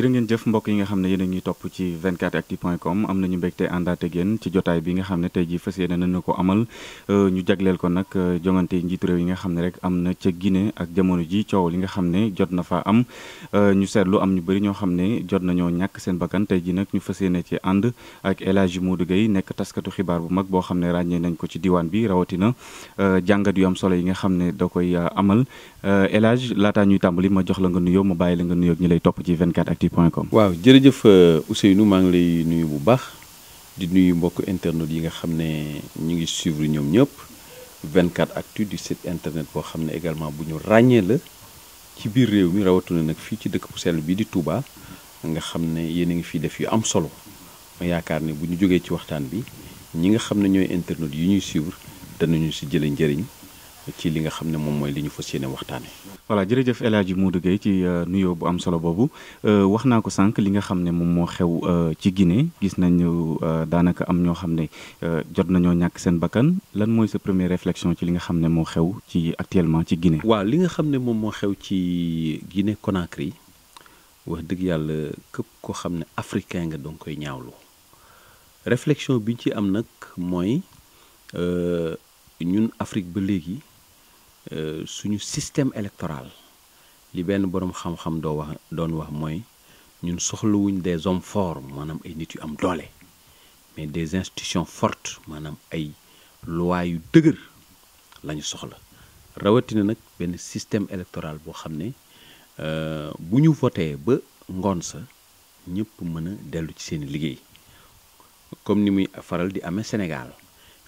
jërë ngeen jëf mbokk yi nga xam ne yéen a topp ci 24actu point com am nañu mbégte àndaat ak yéen ci jotaay bi nga xam ne tey jii fas yéene nañu ko amal euh, ñu nag euh, jongante njiitu yi nga xam ne rek am na ca Guinée ak jamono ji coow li nga xam ne jot na fa am euh, ñu seetlu am ñu bëri ñoo xam ne jot nañoo ñàkk seen bakkan tey ji nag ñu fas ne ci ànd ak El Hadji Modou Gueye nekk taskatu xibaar bu mag boo xam ne ràññee nañ ko ci diwaan bi rawatina jàngat yu am solo yi nga xam ne da koy amal El Hadji ñuy tàmbali ma jox la nga nuyoo ma bàyyi la nga point com. waaw jërëjëf Ousseynou maa ngi lay nuyu bu baax di nuyu mbokk internet yi nga xam ne ñu ngi suivre ñoom ñëpp 24 actu du site internet boo xam ne également bu ñu ràññee la ci biir réew mi rawatina nag fii ci dëkk bu sell bii di Touba nga xam ne yéen a ngi fii def yu am solo ma yaakaar ne bu ñu jógee ci waxtaan bi ñi nga xam ne ñooy internet yi ñuy suivre danañu si jëlee njëriñ. ci li nga xam ne moom mooy li ñu fas yéene waxtaane voilà jërëjëf El Hadji Modou Gueye ci euh, nuyoo bu am solo boobu euh, wax naa ko sànq li nga xam ne moom moo xew euh, ci Guinée gis nañu daanaka am ñoo xam ne jot nañoo ñàkk seen bakkan lan mooy sa première reflexion ci li nga xam ne moo xew ci actuellement ci Guinée. waa li nga xam ne moom moo xew ci Guinée yi wax dëgg yàlla képp koo xam ne africain nga danga koy ñaawlu reflexion bi ñu ci am nag mooy ñun Afrique ba léegi. Euh, suñu système électoral li benn boroom xam-xam doo wax doon wax mooy ñun soxlawuñ des hommes forts maanaam ay nit yu am doole mais des institutions fortes maanaam ay loi dëgër lañu soxla rawatina nag benn système électoral boo xam ne euh, bu ñu votee ba ngoon sa ñëpp mën a dellu ci seen liggéey comme ni muy faral di amee Sénégal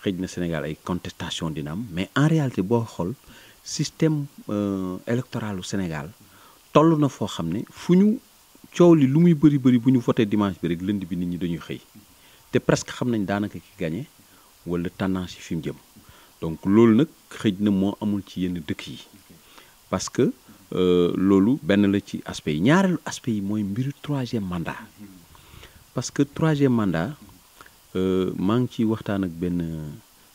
xëj na Sénégal ay contestation dina mais en réalité boo xool système euh, électoralu Sénégal toll na foo xam ne fu ñu coow li lu muy bëri bëri bu ñu voté dimanche bi rek lundi bi nit ñi dañuy xëy te presque xam nañ daanaka ki gagné wala tendance yi fi mu jëm donc loolu nag xëj na moo amul ci yenn dëkk yi parce que euh, loolu benn la ci aspect yi ñaareelu aspect yi mooy mbiru troisième mandat parce troisième mandat Euh, maa ngi ciy waxtaan ak benn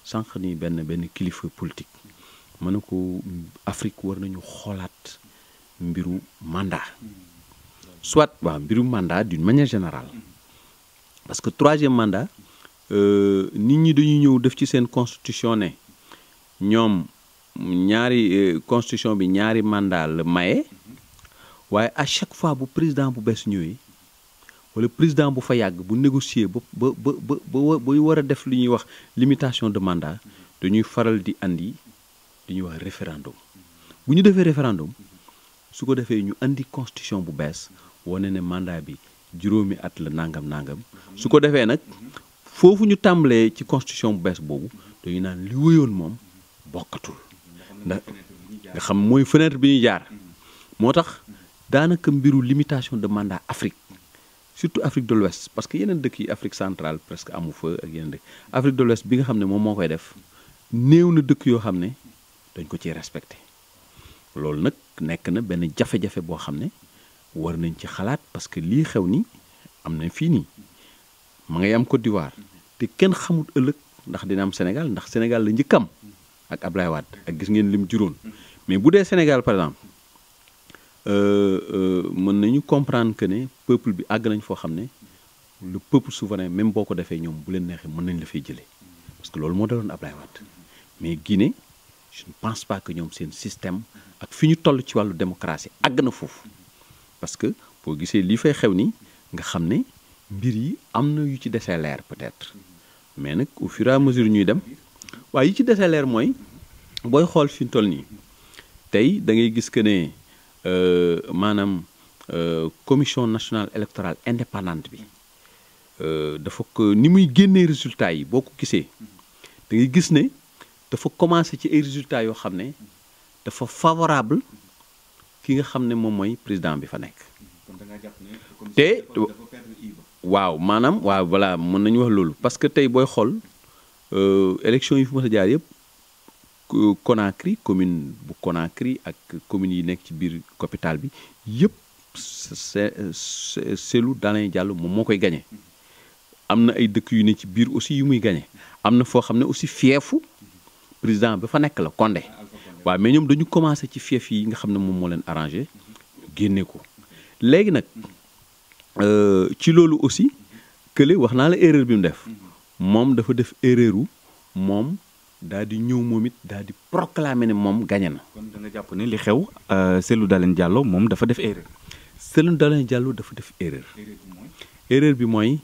sànq ni benn benn kilifa politique ma ne ko Afrique war nañu xoolaat mbiru mandat soit waaw mbiru mandat d'une manière générale parce que troisième mandat euh, nit ñi dañuy ñëw def ci seen constitution ne ñoom ñaari euh, constitution bi ñaari mandat la maye waaye à chaque fois bu président bu bees ñëwee. wala président bu fa yàgg bu négocier ba ba ba ba ba war a def lu ñuy wax limitation de mandat dañuy faral di andi lu ñuy wax référendum bu ñu defee référendum su ko defee ñu indi constitution bu bees wane ne màndaa bi juróomi at la nangam nangam su ko defee nag foofu ñu tàmbalee ci constitution bu bees boobu dañu naan li wéyoon moom bokkatul ndax nga xam mooy fenêtre bi ñuy jaar moo tax daanaka mbiru limitation de mandat Afrique. surtout Afrique de l'Ouest parce que yeneen dëkk yi Afrique centrale presque amu fa ak yeneen dëkk bi nga xam ne moom koy def néew na dëkk yoo xam ne dañ ko ciy respecté loolu nag nekk na benn jafe-jafe boo xam ne war nañ ci xalaat parce que lii xew ni am nañ fii nii ma ngi am ko d'Ivoire te kenn xamut ëllëg ndax dina am Sénégal ndax Sénégal la njëkkam ak Ablaye Wade ak gis ngeen lim juróon mais bu dee Sénégal par exemple Euh, euh, mën nañu comprendre que ne peuple bi àgg nañ foo xam ne lu peuple souverain même boo ko defee ñoom bu leen neexee mën nañ la fay jëlee parce loolu moo daloon Ablaye Wade mais Guinée je pense pas que ñoom seen système ak fi ñu toll ci wàllu démocratie àgg na foofu parce que boo gisee lii fay xew ni nga xam ne mbir yi am na yu ci desee leer peut-être mais nag au fur mesure ñuy dem waaye yi ci desee leer mooy booy xool fi ñu toll nii tey da ngay gis que ne. Euh, maanaam euh, commission national électorale indépendante bi euh, dafa ko ni muy génnee résultats yi boo ko gisee da ngay gis ne dafa commencé ci ay résultats yoo xam ne dafa favorable ki nga xam ne moom mooy président bi fa nekk. te waaw maanaam waaw voilà mën nañu wax loolu parce que tey booy xool élection yi fi mës a jaar yëpp. Conakry commune bu Conakry ak commune yi nekk ci biir copital bi yëpp selu Dalein jàll moom moo koy gañe am na ay dëkk yu ne ci biir aussi yu muy gañe am na foo xam ne aussi fiefu président ba fa nekk la Condé waaw mais ñoom dañu commencé ci fief yi nga xam ne moom moo leen arrangé génne ko léegi nag euh, ci loolu aussi kële wax naa la erreur bi mu def mhm. moom dafa def erreuru moom daa di ñëw moom it daa di proclamer ne moom gagné na. kon da jàpp ne li xew selu euh, Dalein Diallo moom dafa def erreur. Cellou Dalein Diallo dafa def erreur. erreur bi mooy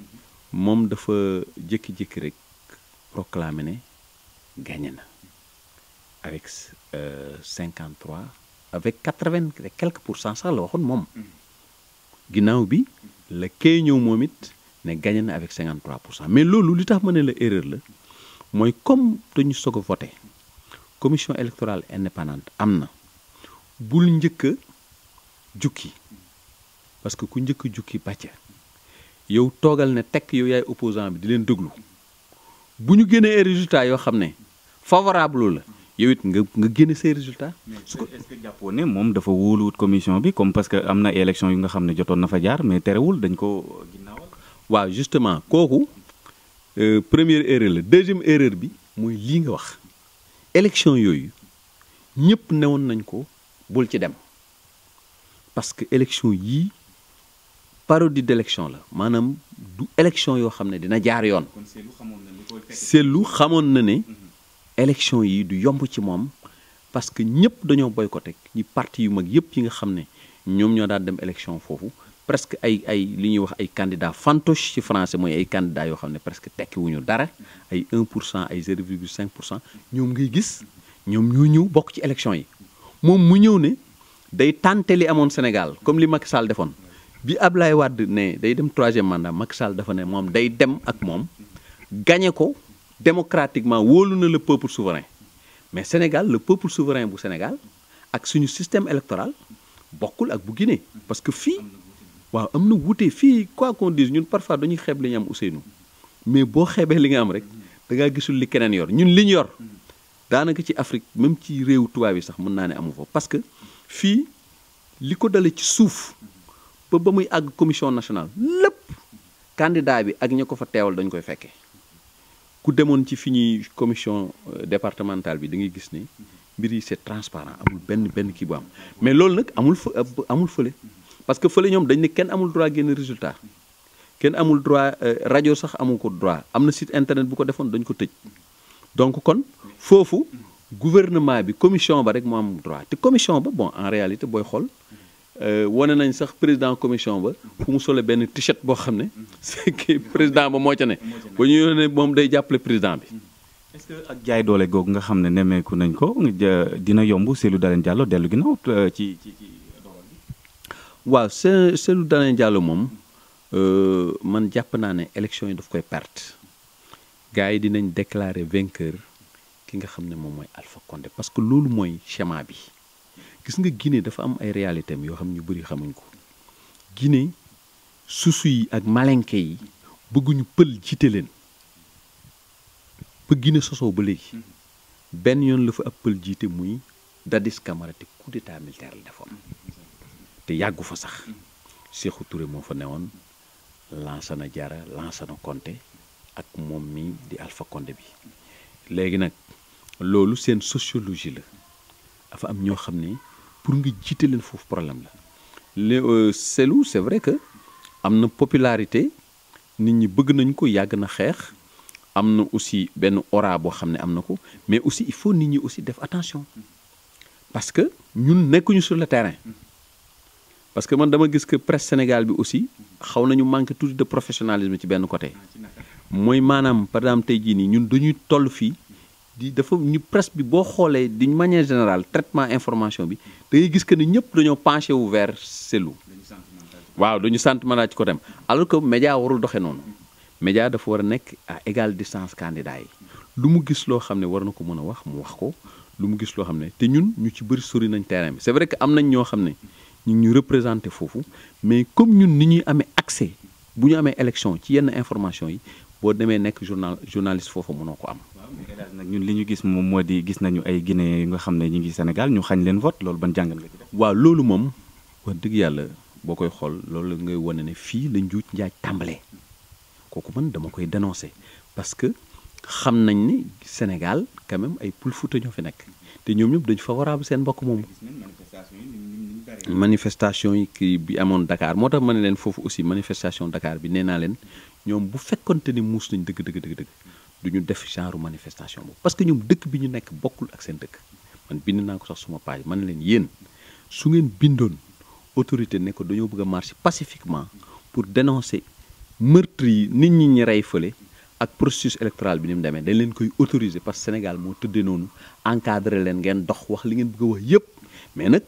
moom dafa jékki-jékki rek proclamer ne gagné na avec euh, cinquante trois avec quatre vingt et quelques pour cent sax la waxoon moom. Mm-hmm. ginnaaw bi la kee ñëw moom it ne gagné na avec cinquante trois pour cent mais loolu li tax ma ne la erreur la. mooy comme dañu soog a commission électorale indépendante am na bul njëkk a jukki parce que ku njëkk a jukki bàcce yow toogal ne tekk yow yaay opposant bi di leen déglu bu ñu génnee résultat yoo xam ne favorable la yow it nga nga génne say résultats. su ko jàppoo ne moom dafa wóoluwut commission bi comme parce que am na élection yu nga xam ne jotoon na fa jaar mais terewul dañ ko ginnaawal. waaw justement kooku. Euh, première erreur la deuxième erreur bi mooy lii nga wax élection yooyu ñëpp newoon nañ ko bul ci dem parce que élection yii parodi d'élection la maanaam du élection yoo xam ne dina jaar yoon seetlu xamoon na ne mhm. élection yii du yomb ci moom parce que ñëpp dañoo boycotté ñi parti yu mag yëpp yi nga xam ne ñoom ñoo daal dem élection foofu presque ay ay li ñuy wax ay candidats fantoches ci français mooy ay candidats yoo xam ne presque tekki wuñu dara ay 1 pour cent ay 0,5 pour cent ñoom ngay gis ñoom ñoo ñëw bokk ci élection yi moom mu ñëw ne day tànte li amoon Sénégal comme li Macky Sall defoon bi Ablaye Wade ne day dem troisième mandat Macky Sall dafa ne moom day dem ak moom gagné ko démocratiquement wóolu na le peuple souverain mais Sénégal le peuple souverain bu Sénégal ak suñu système électoral bokkul waaw am na wute fii quoi qu'on dise ñun parfois dañuy xeeb li ñu am Ousseynou mais boo xeebee li nga am rek da ngaa gisul li keneen yor ñun li ñu yor daanaka ci Afrique même ci réew tubaab yi sax mën naa ne amu fa parce que fii li ko dale ci suuf ba ba muy àgg commission national lépp candidat bi ak ña ko fa teewal dañ koy fekkee ku demoon ci fi ñuy commission euh, départementale bi da ngay gis ni mbir yi c'est transparent amul benn benn kii bu am mais loolu nag amul fa amul fële parce que fële ñoom dañ ne kenn amul droit génne résultat kenn amul droit euh, rajo sax amu ko droit am na site internet bu ko defoon dañ ko tëj donc kon foofu gouvernement bi commission ba rek moo am droit te commission ba bon en réalité booy xool euh, wane nañ sax président commission ba fu mu sole benn t-shirt boo xam ne c'est président ba moo ca ne ba ñu yónnee moom day jàppale président bi. est-ce que ak jaay doole googu nga xam ne nemmeeku nañ ko dina yomb Cellou Dalein Diallo dellu ginnaaw euh, ci ci. waa se Cellou Dalein Diallo moom euh, man jàpp naa ne élection yi daf koy perte gars yi dinañ déclarer vainqueur ki nga xam ne moom mooy Alpha Condé parce que loolu mooy schéma bi gis nga Guinée dafa am ay réalité yoo xam ne ñu bëri xamuñ ko Guinée susu yi ak malenke yi bëgguñu pël jiite leen ba Guinée sosoo ba léegi benn yoon la fa ab pël jiite muy Dadis Camara te coup d'état militaire la te yàggu fa sax Sékou Touré moo fa na Lansana Diarra na Conté ak moom mi di Alpha Condé bi léegi nag loolu seen sociologie la dafa am ñoo xam ne pour nga jiite leen foofu problème la le euh, Cellou c'est vrai que am na popularité nit ñi bëgg nañ ko yàgg na xeex am na aussi benn aura boo xam ne am na ko mais aussi il faut nit ñi aussi def attention parce que ñun nekkuñu sur le terrain parce que man dama gis que presse Sénégal bi aussi xaw nañu manqué tuuti de professionnalisme ci benn côté mooy maanaam par exemple tey jii nii ñun dañuy toll fii di dafa ñu presse bi boo xoolee d'une manière général traitement information bi da gis que ni ñëpp dañoo penché wu vers Cellou waaw dañu sant sentimental ci ko dem alors que média warul doxee noonu média dafa war a nekk à égale distance candidat yi lu mu gis loo xam ne war na ko mën a wax mu wax ko lu mu gis loo xam ne te ñun ñu ci bëri sori nañ terrain bi vrai que am nañ ñoo xam ne ñu ngi représenté foofu mais comme ñun ni ñuy amee accès bu ñu amee élection ci yenn information yi boo demee nekk journal journaliste foofu mënoo ko am. nag ñun li ñu gis moom moo di gis nañu ay Guinée yu nga xam ne ñu ngi Sénégal ñu xañ leen vote loolu ban jàngal nga ci def. loolu moom wax dëgg yàlla boo koy xool loolu ngay wane ne fii la njuuj njaaj tàmbalee kooku man dama koy dénoncé parce que xam nañ ni Sénégal quand ay pul futa ñoo fi nekk. te ñoom ñëpp dañu favorable seen mbokk moomu. manifestation yi kii bi amoon dakaar moo tax ma ne leen foofu aussi manifestation Dakar bi nee naa leen ñoom bu fekkonte ni muus nañ dëgg dëgg dëgg du ñu def genre manifestation boobu parce que ñoom dëkk bi ñu nekk bokkul ak seen dëkk man bind naa ko sax suma page man leen yéen su ngeen bindoon autorité ne ko dañoo bëgg a marcher pacifiquement pour dénoncer meurtre yi nit ñi ñi rey fële ak processus électoral bi ni mu demee dañ leen koy autoriser parce que Sénégal moo tëddee noonu encadré leen ngeen dox wax li ngeen bëgg a wax yépp mais nag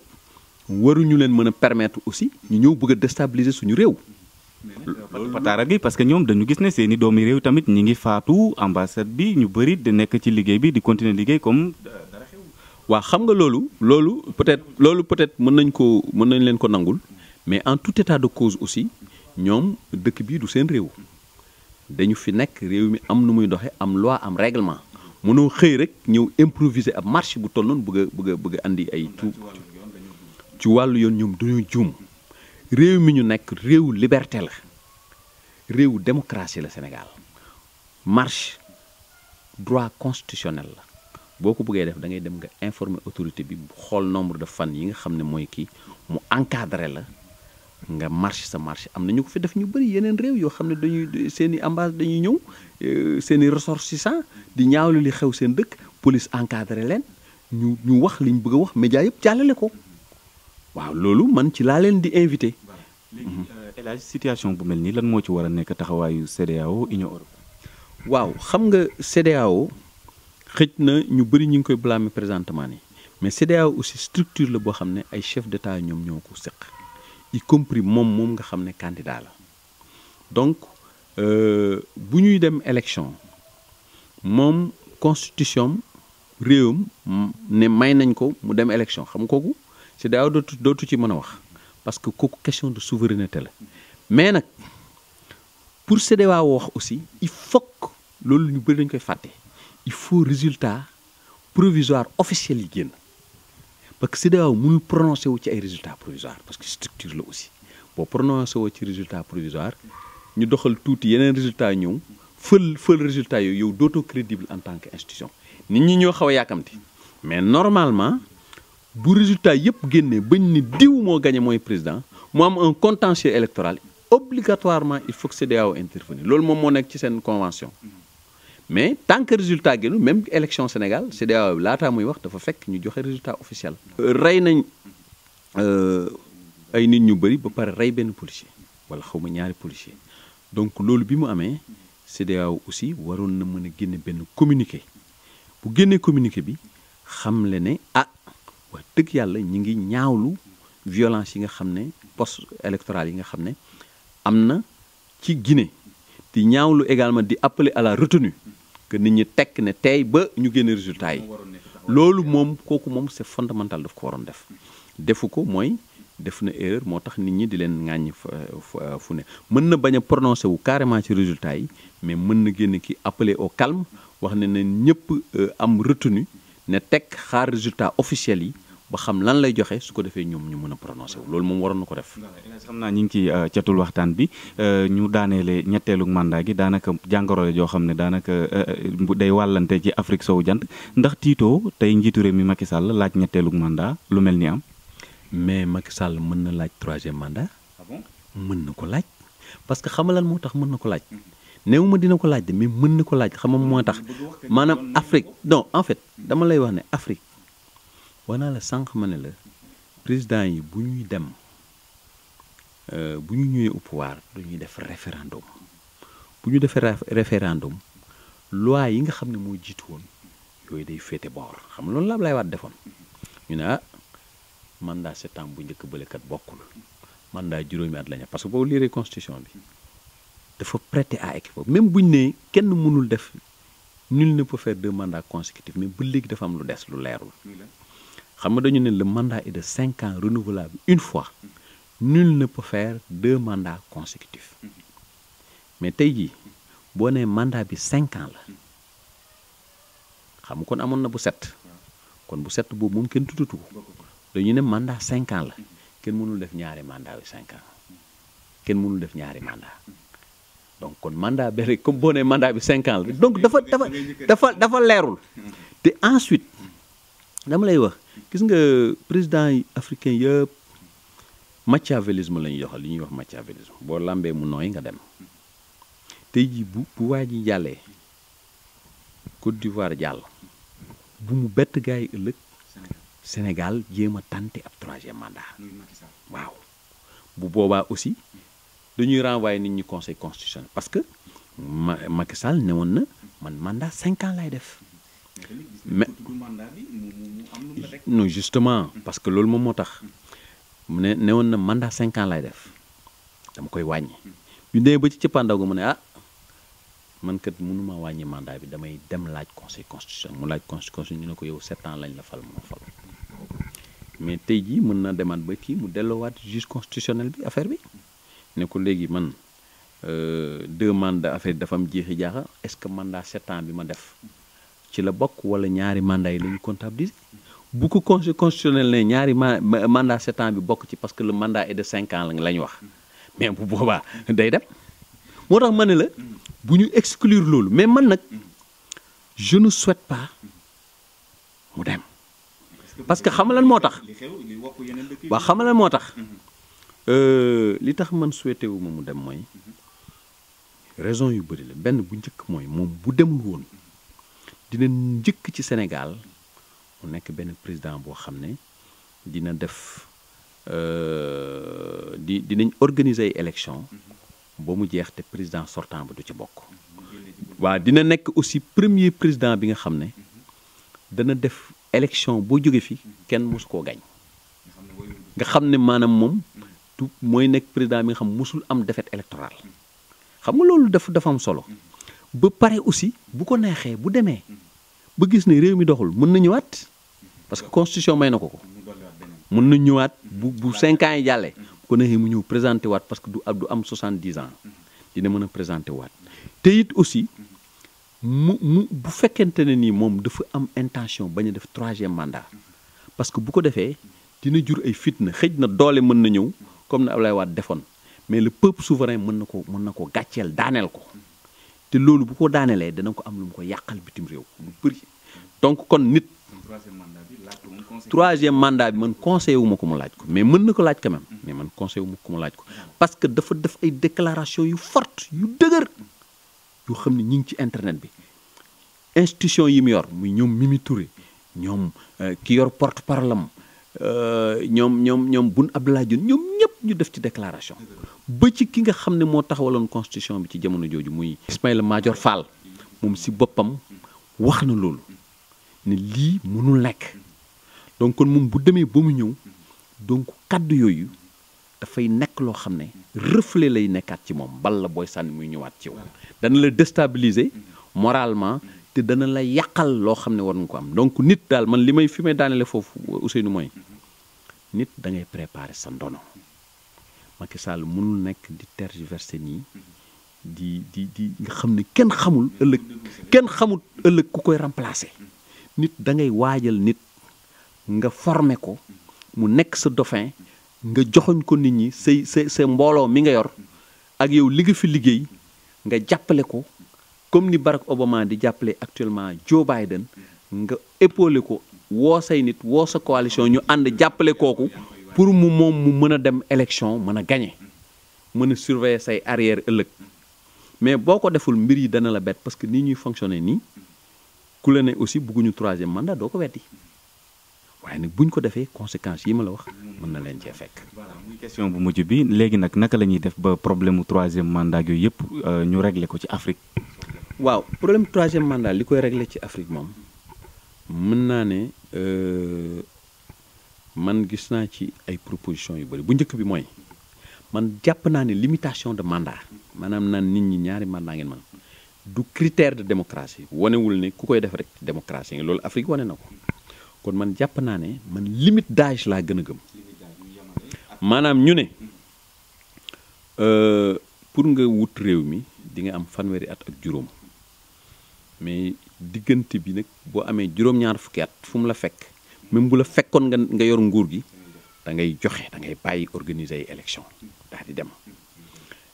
waruñu leen mën a permettre aussi ñëw bëgg a déstabiliser suñu réew. pataara euh, gi parce que ñoom dañu gis ne seeni doomi réew tamit ñi ngi faatu ambassade bi ñu bëri di nekk ci liggéey bi di continuer liggéey comme euh, dara waa xam loolu loolu peut-être loolu peut-être mën nañ ko mën nañ leen ko nangul mais en tout état de cause aussi ñoom dëkk bii du seen réew dañu fi nekk réew mi am nu muy doxe am loi am règlement mënoo xëy rek ñëw improviser ab marche bu toll noonu bëgg a bëgg a bëgg ay tout ci wàllu yoon ñoom duñu juum réew mi ñu nekk réew liberté la réew démocratie la Sénégal marche droit constitutionnel la boo ko bëggee def da ngay dem nga informer autorité bi bu xool nombre de fan yi nga xam ne mooy kii mu encadré la nga marché sa marché am na ñu ko fi def ñu bëri yeneen réew yoo xam ne dañuy seeni i dañuy ñëw euh, seen i ressortissants di ñaawlu li xew seen dëkk police encadré leen ñu ñu wax liñ bëgg a wax média yëpp jàllale ko waaw loolu man ci laa leen di invité. léegi euh, situation bu mel nii lan moo ci war a nekk taxawaayu CEDEAO Union européenne. waaw xam nga CEDEAO xëj na ñu bëri ñu ngi koy blâmer présentement nii mais CEDEAO aussi structure la boo xam ne ay chef d'état ñoom ñoo ko seq. y compris moom moom nga xam ne candidat la donc euh, bu ñuy dem élection moom constitution réewam ne may nañ ko mu dem élection xam kooku ci daaw dootu dootu ci mën a wax parce que kooku question de souveraineté la mais nag pour CEDEAO wax aussi il faut que loolu ñu bëri dañ koy fàtte il faut résultat provisoire officiel yi génn parce que CEDEAO mënul prononcé wu ci ay résultats provisoires parce que structure la aussi boo prononcé ci résultat provisoire ñu doxal tuuti yeneen résultat ñëw fël fël résultat yooyu yow dootoo crédible en tant que institution nit ñi ñoo xaw a yàkkamti mais normalement bu résultat yëpp génne bañ ni diw moo gagné mooy président mu am un contentieux électoral obligatoirement il faut que CEDEAO intervenir loolu moom moo nekk ci seen convention mais tant que résultat génnul même élection Sénégal CEDEAO laataa muy wax dafa fekk ñu joxe résultat officiel. rey nañ euh, ay nit ñu bëri ba pare rey benn policier wala xaw ma ñaari policier donc loolu bi mu amee CEDEAO aussi waroon na mën a génne benn communiqué bu génnee communiqué bi xam le ne ah wax dëgg yàlla ñu ngi ñaawlu violence yi nga xam ne post électoral yi nga xam ne am na ci Guinée. di ñaawlu également di appeler à la retenue que nit ñi tekk ne tey ba ñu génne résultat yi loolu moom kooku moom c'est fondamental daf ko waroon def defu ko mooy def na erreur moo tax nit ñi di leen ŋàññi fu ne mën na bañ a prononcé wu carrément ci résultat yi mais mën na génn ki appeler au calme wax ne na ñëpp euh, am retenu ne teg xaar résultat officiel yi ba xam lan lay joxe su ko defee ñoom ñu mën a prononcé loolu moom waroon na ko def. xam naa ñu ngi ci euh, catul waxtaan bi euh, ñu daaneele ñetteelu mandat gi daanaka jàngoro la joo xam ne daanaka euh, day wàllante ci Afrique sow jant ndax tiitoo tey njiitu réew mi Macky Sall laaj ñetteelu mandat lu mel ni am. mais Macky Sall mën na laaj troisième mandat. Ah mën na ko laaj parce que xamalan moo tax mën na ko laaj. néew ma dina ko laaj de mais mën na ko laaj xamam moo tax maanaam Afrique non en fait dama lay wax Afrique. wanaa la sànq ma ne la président yi bu ñuy dem euh, bu ñu ñëwee au pouvoir dañuy def référendum bu ñu defee référendum loi yi nga xam ne moo jiitu woon yooyu day féete boor xam loolu la Ablaye Wade defoon ñu ne ah mandat sept ans bu njëkk bëlekat bokkul mandat juróomi at la ñu parce que boobu liiree constitution bi dafa prêter à équivoque même bu ñu nee kenn mënul def nul ne peut faire deux mandats consécutifs mais ba léegi dafa am lu des lu leerul. xam nga dañu ne le mandat est de cinq ans renouvelable une fois nul ne peut faire deux mandats mais tey jii boo nee mandat bi cinq la xam nga kon amoon na bu set kon bu set boobu moom kenn tuddatu ko dañu ne mandat cinq la kenn mënul def ñaari mandat yu cinq ans kenn mënul def ñaari mandat donc kon mandaa bi rek comme boo nee mandat bi cinq ans la donc dafa dafa dafa dafa leerul te ensuite dama lay wax gis nga président yi africain yëpp machiavélisme la ñuy yoxal li ñuy wax machiavélisme boo làmbee mu nooy nga dem tey jii bu bu waa ji jàllee Côte d'Ivoire jàll bu mu bett gars yi ëllëg Sénégal jéem a tante ab troisième mandat waaw bu boobaa aussi dañuy renvoyer nit ñi conseil constitutionnel parce que ma Sall ne woon na man mandat cinq lay def mais non justement parce que loolu moom moo tax mu ne ne woon na mandat cinq ans lay def dama koy wàññi ñu demee ba ci cëppaandaw ga mu ne ah man kat mënuma wàññi mandat bi damay dem laaj conseil constitutionnel mu laaj conseil ñu ne ko yow sept ans lañ la fal moo fal mais tey jii mën na demaat ba kii mu delloowaat juge constitutionnel bi affaire bi ne ko léegi man euh, deux mandats affaire dafa am jeexi jaaxa est-ce que mandaa sept ans bi ma def ci la bokk wala ñaari mandat yi la ñu comptabiliser bu ko conseil constitutionnel ne ñaari mandat sept bi bokk ci parce que le mandat est de cinq ans la ñu wax mais bu boobaa day dem moo tax ma ne la bu ñu exclure loolu mais man nag je ne souhaite pas mu dem parce que xam lan moo tax waaw xam moo tax euh, li tax man souhaité wu mu dem mooy raison yu bëri la benn bu njëkk mooy moom bu demul woon dina njëkk ci Sénégal mu nekk benn président boo xam ne dina def euh, di dinañ organiser ay élection ba mu jeex te président sortant ba du ci bokk waaw dina nekk aussi premier président bi nga xam ne dana def élection boo jógee fi kenn mosu koo gañ nga xam ne maanaam moom tu mooy nekk président bi nga xam mosul am défaite électorale xam nga loolu daf dafa am solo ba pare aussi bu ko neexee bu demee ba gis ne réew mi doxul mën na ñëwaat parce que constitution may na ko ko mën na ñëwaat bu bu cinq ans yi jàllee bu ko neexee mu ñëw présenté waat parce que du du am soixante dix ans dina mën a présenté waat te it aussi mu mu bu fekkente ne nii moom dafa am intention bañ a def troisième mandat parce que bu ko defee dina jur ay fitna xëj na doole mën na ñëw comme ne Ablaye waat defoon mais le peuple souverain mën na ko mën na ko gàcceel daaneel ko te loolu bu ko daaneelee dana ko am lu mu ko yàqal bitim réew lu bëri donc kon nit. troisième mandat bi man conseillé wu ko mu laaj ko mais mën na ko laaj quand même mm-hmm. mais man conseillé wu ma ko mu laaj ko parce que dafa def ay déclaration yu forte yu dëgër yoo xam ne ñi ngi ci internet bi institution yi mu yor mu ñoom Mimi Touré ñoom euh, ki yor porte-parole am euh, ñoom ñoom ñoom Boun Abdallah Dionne ñoom ñëpp ñu def ci déclaration ba ci ki nga xam ne moo taxawaloon constitution bi ci jamono jooju muy Ismaïla Madior Fall moom si boppam wax na loolu ne lii mënul nekk donc kon moom bu demee ba mu ñëw donc kàddu yooyu dafay nekk loo xam ne reflet lay nekkaat ci moom bal la booy sànni muy ñëwaat ci woon dana la déstabiliser moralement te dana la yàqal loo xam ne war ko am donc nit daal man li may fi may daanele foofu nu mooy nit da prépare préparer sa ndono Macky Sall mënul nekk di tergiverser nii di di di nga xam ne kenn xamul ëllëg kenn xamul ëllëg ku koy remplacer nit da ngay waajal nit nga forme ko mu nekk sa dauphin nga joxoñ ko nit ñi say sa say mbooloo mi nga yor ak yow li fi liggéey nga jàppale ko comme ni Barack Obama di jàppale actuellement Joe Biden nga épole ko woo say nit woo sa coalition ñu ànd jàppale kooku pour mu moom mu mën a dem élection mën a gañe mën a surveiller say arrière ëllëg mais boo ko deful mbir yi dana la bett parce que nii ñuy fonctionner nii ku la ne aussi bëgguñu troisième mandat doo ko weddi waaye nag buñ ko defee conséquences yi ma la wax mën na leen cee fekk. voilà muy bu mujj bi léegi nag naka la ñuy def ba problème mu troisième mandat yooyu yëpp euh, ñu régler ko ci Afrique. waaw problème troisième mandat li koy régler ci Afrique moom mën naa ne. Euh, man gis naa ci ay propositions yu bari bu njëkk bi mooy man jàpp naa ne limitation de mandat maanaam naan nit ñi ñaari mandat ngeen man du critère de démocratie wanewul ne ku koy def rek démocratie nga loolu Afrique wane na ko kon man jàpp naa ne man limite d'âge laa gën a gëm maanaam ñu ne euh, pour nga wut réew mi di nga am fanweeri at ak juróom mais diggante bi nag boo amee juróom-ñaar fukki at fu mu la fekk même bu la fekkoon nga nga yor nguur gi da ngay joxe dangay ngay bàyyi organiser ay élection daal dem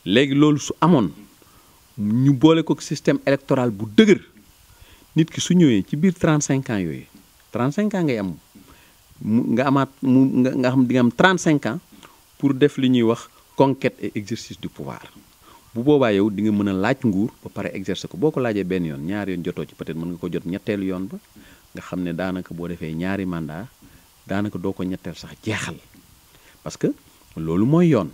léegi loolu su amoon ñu boole ko système électoral bu dëgër nit ki su ñëwee ci biir 35 ans yooyu 35 ans ngay am nga amaat mu nga xam di am 35 ans pour def li ñuy wax conquête et exercice du pouvoir bu boobaa yow di mën a laaj nguur ba pare exercer ko boo ko laajee benn yoon ñaar yoon jotoo ci peut-être mën nga ko jot ñetteelu yoon ba nga xam ne daanaka boo defee ñaari mandat daanaka doo ko ñetteel sax jeexal parce que loolu mooy yoon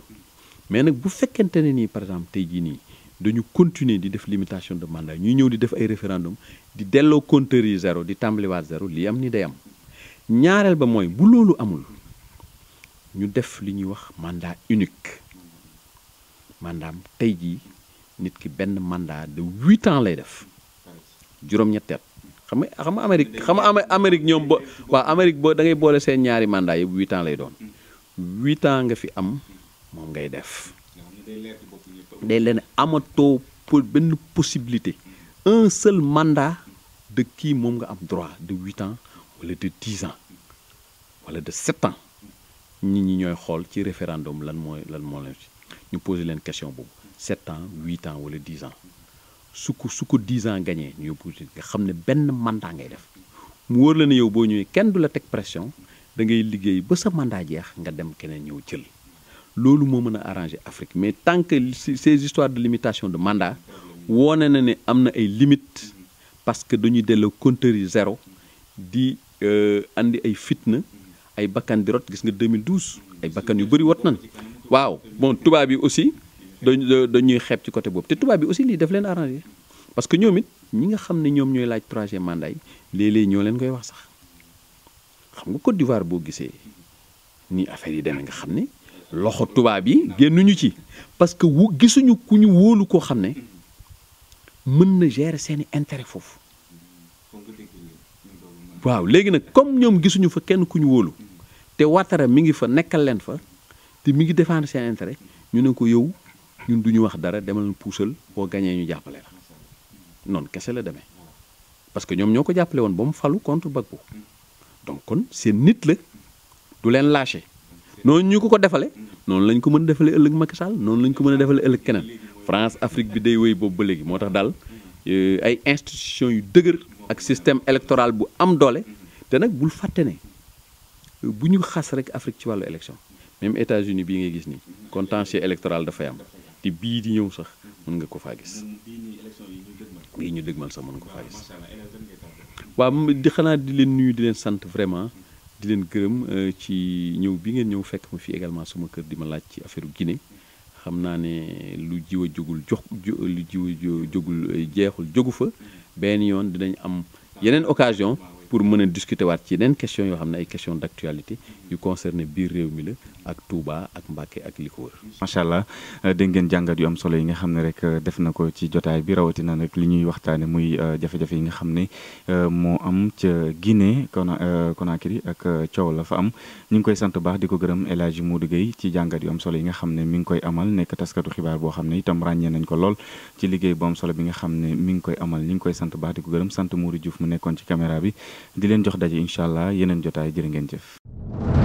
mais nag bu fekkente ne nii par exemple tey jii nii dañu continuer di def limitation de mandat ñuy ñëw di def ay référendum di delloo compteur yi zéro di tàmbaliwaat zéro li am ni day am ñaareel ba mooy bu loolu amul ñu def li ñuy wax mandat unique maanaam tey jii nit ki benn mandat de huit ans lay def juróom-ñetteet xam nga xam nga Amérique xam nga Amérique ñoom ba waaw Amérique boo da ngay boole seen ñaari mandat yëpp huit lay doon huit ans nga fi am moom ngay def. day leen amatoo pour benn possibilité un seul mandat de kii moom nga am droit de huit walla wala de dix ans wala de sept ans nit ñi ñooy xool ci référendum lan mooy lan moo leen ñu poser leen question boobu sept ans huit ans wala dix ans. su ko su ko dix ans gagné ñu yóbbu nga xam ne benn mandat ngay def mu wóor la ne yow boo ñëwee kenn du la teg pression dangay liggéey ba sa mandat jeex nga dem keneen ñëw jël loolu moo mën a arranger Afrique mais tant que ces histoires de limitation de mandat woone na ne am na ay limites parce que dañuy delloo compteur yi zero di euh, andi ay fitna ay bakkan di rot gis nga 2012 ay bakkan yu bëri wat nan waaw bon tubaab yi aussi. dañuy xeeb ci côté boobu te tubaab bi aussi lii daf leen arrangé parce que ñoom it ñi nga xam ne ñoom ñooy laaj troisième mandat yi léeg-léeg ñoo leen koy wax sax xam nga Côte d'Ivoire boo gisee ni affaire yi demee nga xam ne loxo tubaab yi génnuñu ci parce que wu gisuñu ku ñu wóolu koo xam ne mën na gérer seeni intérêt foofu waaw léegi nag comme ñoom gisuñu fa kenn ku ñu wóolu te Ouattara mi ngi fa nekkal leen fa te mi ngi défendre seen intérêt ñu ne ko yow ñun du ñu wax dara demal puusal boo gañee ñu jàppale la noonu kese la deme parce que ñoom ñoo ko jàppale woon ba mu falu contre Gbagbo donc kon seen nit la du leen lâché noonu ñu ko ko defale noonu lañ ko mën a defale ëllëg Macky Sall noonu lañ ko mën a defale ëllëg keneen France Afrique bi day wéy boobu ba léegi moo tax daal euh, ay institution yu dëgër ak système électoral bu am doole te nag bul fàtte ne bu ñu xas rek Afrique ci wàllu élection même États-Unis bii ngay gis nii contentieux électoral dafay am te bii di ñëw sax mën nga ko faa gis. bii ñu dëgmal sax mën nga ko faa gis. waaw di xanaa di leen nuyu di leen sant vraiment di leen gërëm euh, ci ñëw bi ngeen ñëw fekk ma fii également sama kër di ma laaj ci affaire Guinée xam naa ne lu jiw jógul jox lu jiw a jógul euh, jeexul jógu fa mm-hmm. benn yoon dinañ am yeneen occasion. pour mën a discuter waat ci neen question yoo xam ne ay question d' actualité yu concerné biir réew mi la ak Touba ak Mbacke ak li ko wër. macha allah euh, dégg ngeen jàngat yu am solo yi nga xam ne rek euh, def na ko ci jotaay bi rawatina rek li ñuy waxtaane muy euh, jafe yi nga xam ne moo am ca Guinée Conakry ak coow la fa am ñu ngi koy sant baax di ko gërëm El Hadji Modou ci jàngat yu am solo yi nga xam ne mi ngi koy amal nekk taskatu xibaar boo xam ne itam ràññee nañ ko lool ci liggéey bu am solo bi nga xam ne mi ngi koy amal ñu ngi koy sant baax di ko gërëm sant Mourou Diouf mu nekkoon ci caméra bi di leen jox daje incha allah yeneen jotaay jërë ngeen jëf.